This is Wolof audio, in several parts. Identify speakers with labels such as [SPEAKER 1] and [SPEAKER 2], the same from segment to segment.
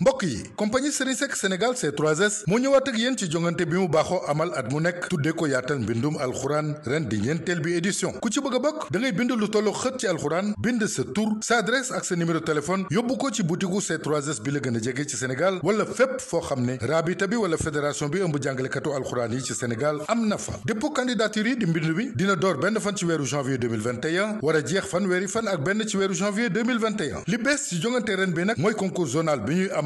[SPEAKER 1] mbokk yi compagnie Serigne Seck Sénégal C3S moo ñëwaat ak yéen ci jongante bi mu baaxoo amal at mu nekk tuddee ko yaatal mbindum alxuraan ren di ñeenteel bi édition ku ci bëgg a bokk bind lu tollu xët ci alxuraan bind sa tur sa adresse ak sa numéro téléphone yóbbu ko ci butiku C3S bi la gën a jege ci Sénégal wala fépp foo xam ne raabita bi wala fédération bi ëmb jàngalekatu alxuraan yi ci Sénégal am na fa dépôt candidature yi di mbind bi dina door benn fan ci weeru janvier 2021 war a jeex fanweeri fan ak benn ci weeru janvier bi nag mooy concours zonal bi ñuy am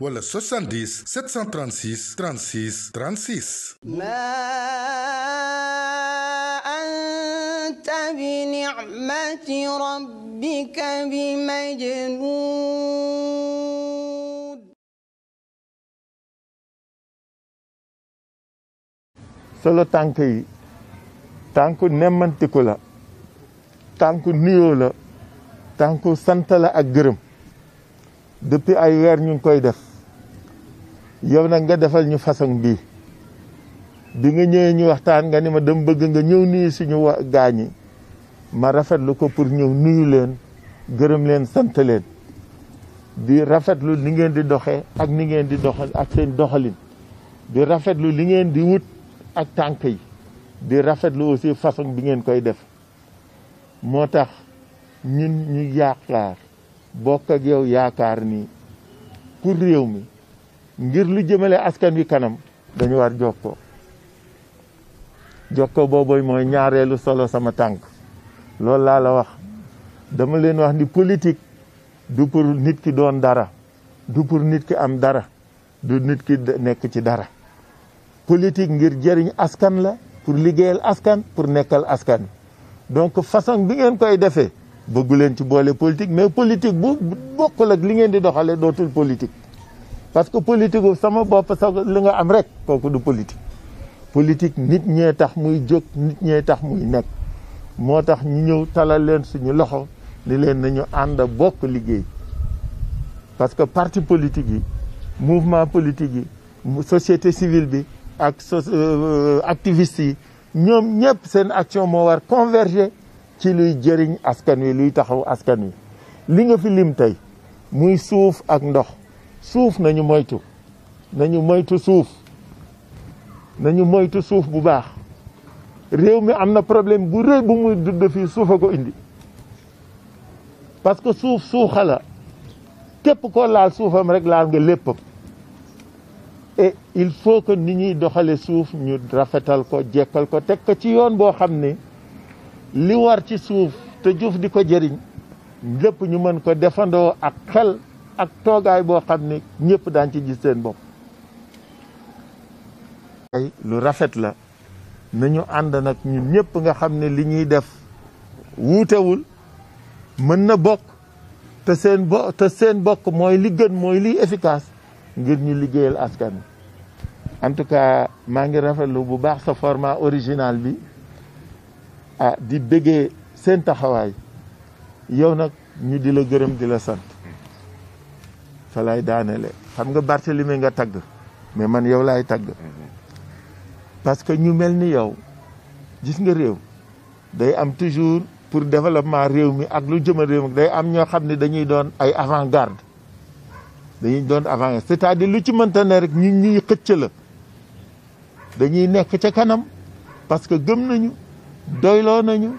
[SPEAKER 1] wala 70 736 36 36.
[SPEAKER 2] solo tànk yi tànku nemmantiku la tànku nuyoo la tànku sant la ak gërëm depuis ay weer ñu ngi koy def yow nag nga defal ñu façon bii bi nga ñëwee ñu waxtaan nga ni ma dem bëgg nga ñëw nuyu suñu gaañi ma rafetlu ko pour ñëw nuyu leen gërëm leen sant leen di rafetlu ni ngeen di doxee ak ni ngeen di doxal ak seen doxalin di rafetlu li ngeen di wut ak tànk yi di rafetlu aussi façon bi ngeen koy def moo tax ñun ñu yaakaar bokk ak yow yaakaar ni pour réew mi ngir lu jëmale askan wi kanam dañu war jokkoo jokkoo boobu mooy ñaareelu solo sama tànk loolu laa la wax dama leen wax ni politique du pour nit ki doon dara du pour nit ki am dara du nit ki nekk ci dara politique ngir jëriñ askan la pour liggéeyal askan pour nekkal askan donc façon bi ngeen koy defee bëggu leen ci boole politique mais politique bu bokkul ak li ngeen di doxale dootul politique parce que politique gu sama bopp sa li nga am rek kooku du politique politique nit ñee tax muy jóg nit ñee tax muy nekk moo tax ñu ñëw talal leen suñu loxo ni leen nañu ànd bokk liggéey parce que parti politique yi mouvement politique yi société civile bi ak so euh, euh, activistes yi ñoom ñëpp seen action moo war converger ci luy jëriñ askan wi luy taxaw askan wi li nga fi lim tey muy suuf ak ndox suuf nañu moytu nañu moytu suuf nañu moytu suuf bu baax réew mi am na problème bu rëy bu muy dudd fii suuf a ko indi parce que suuf suuxa la képp koo laal suufam rek laal nga léppam il faut que ni ñuy doxale suuf ñu rafetal ko jekkal ko teg ko ci yoon boo xam ne li war ci suuf te jëf di ko jëriñ lépp ñu mën ko defandoo ak xel ak toogaay boo xam ne ñëpp daan ci gis seen bopp ay lu rafet la nañu ànd nag ñun ñëpp nga xam ne li ñuy def wuutewul mën na bokk te seen bo te seen bokk mooy li gën mooy liy efficace ngir ñu liggéeyal askan en tout cas maa ngi rafetlu bu baax sa format original bi ah di bëggee seen taxawaay yow nag ñu di la gërëm di la sant fa lay daanele xam nga Barthélemy nga tagg mais man yow laay tagg parce que ñu mel ni yow gis nga réew day am toujours pour développement réew mi ak lu jëmal réew mi day am ñoo xam ne dañuy doon ay avant-garde dañuy doon avant c'est-à-dire lu ci mënta ne rek ñu ñuy xëcc la dañuy nekk ca kanam parce que gëm nañu doyloo nañu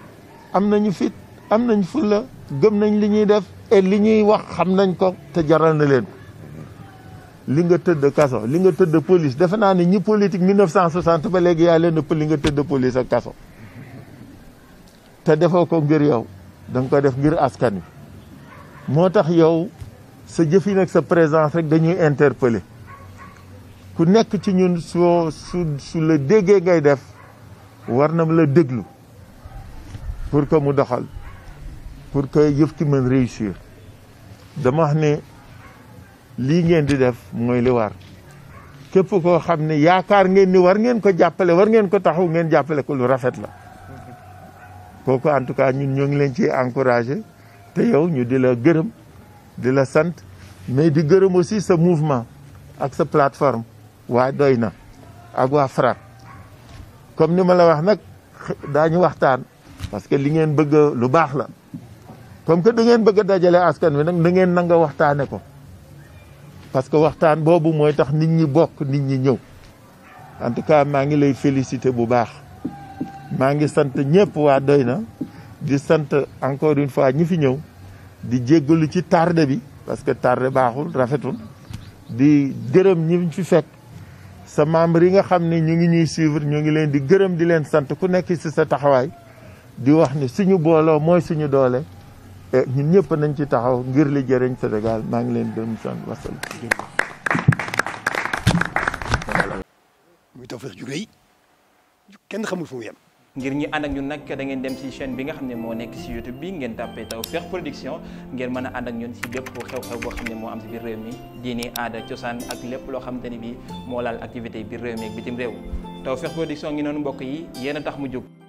[SPEAKER 2] am nañu fit am nañ fulla gëm nañ li ñuy def et li ñuy wax xam nañ ko te jaral na leen li nga tëdd kaso li nga tëdd police defe naa ne ñi politique 1960 ba léegi yaa leen ëpp li nga tëdd police ak kaso te defoo ko ngir yow da nga ko def ngir askan wi moo tax yow sa jëf yi ak sa présence rek dañuy interpeller ku nekk ci ñun soo su su la déggee ngay def war na la déglu pour que mu doxal pour que yëf ci mën réussir dama wax ne lii ngeen di def mooy li war képp koo xam ne yaakaar ngeen ni war ngeen ko jàppale war ngeen ko taxaw ngeen jàppale ko lu rafet la kooku en tout cas ñu ñoo ngi leen ci encouragé te yow ñu di la gërëm di la sant mais di gërëm aussi sa mouvement ak sa plateforme waa doy na ak waa FRAPP comme ni ma la wax nag daañu waxtaan parce que li ngeen bëgg lu baax la comme que da ngeen bëgg dajale askan wi nag da ngeen nanga waxtaane ko parce que waxtaan boobu mooy tax nit ñi bokk nit ñi ñëw en tout cas maa ngi lay féliciter bu baax maa ngi sant ñëpp waa doy na di sant encore une fois ñi fi ñëw di jéggalu ci tardé bi parce que tardé baaxul rafetul di gërëm ñi fi fekk sa membre yi nga xam ne ñu ngi ñuy suivre ñu ngi leen di gërëm di leen sant ku nekk ci sa taxawaay di wax ne suñu booloo mooy suñu doole Eh, ñun ñëpp nañ ci taxaw ngir li jëriñ Sénégal maa ngi leen gërëm sant wasal muy Tawfekh ju rëy kenn xamul fu mu yem ngir ñi ànd ak ñun nag da dem ci chaîne bi nga xam ne moo nekk ci YouTube bi ngeen tàppee Tawfekh Production ngeen mën a ànd ak ñun ci bépp xew-xew boo xam ne moo am ci biir réew mi diini aada cosaan ak lépp loo xamante ni bi moo laal activité biir réew mi ak bitim réew Tawfekh Production ngi noonu mbokk yi yéen tax mu jóg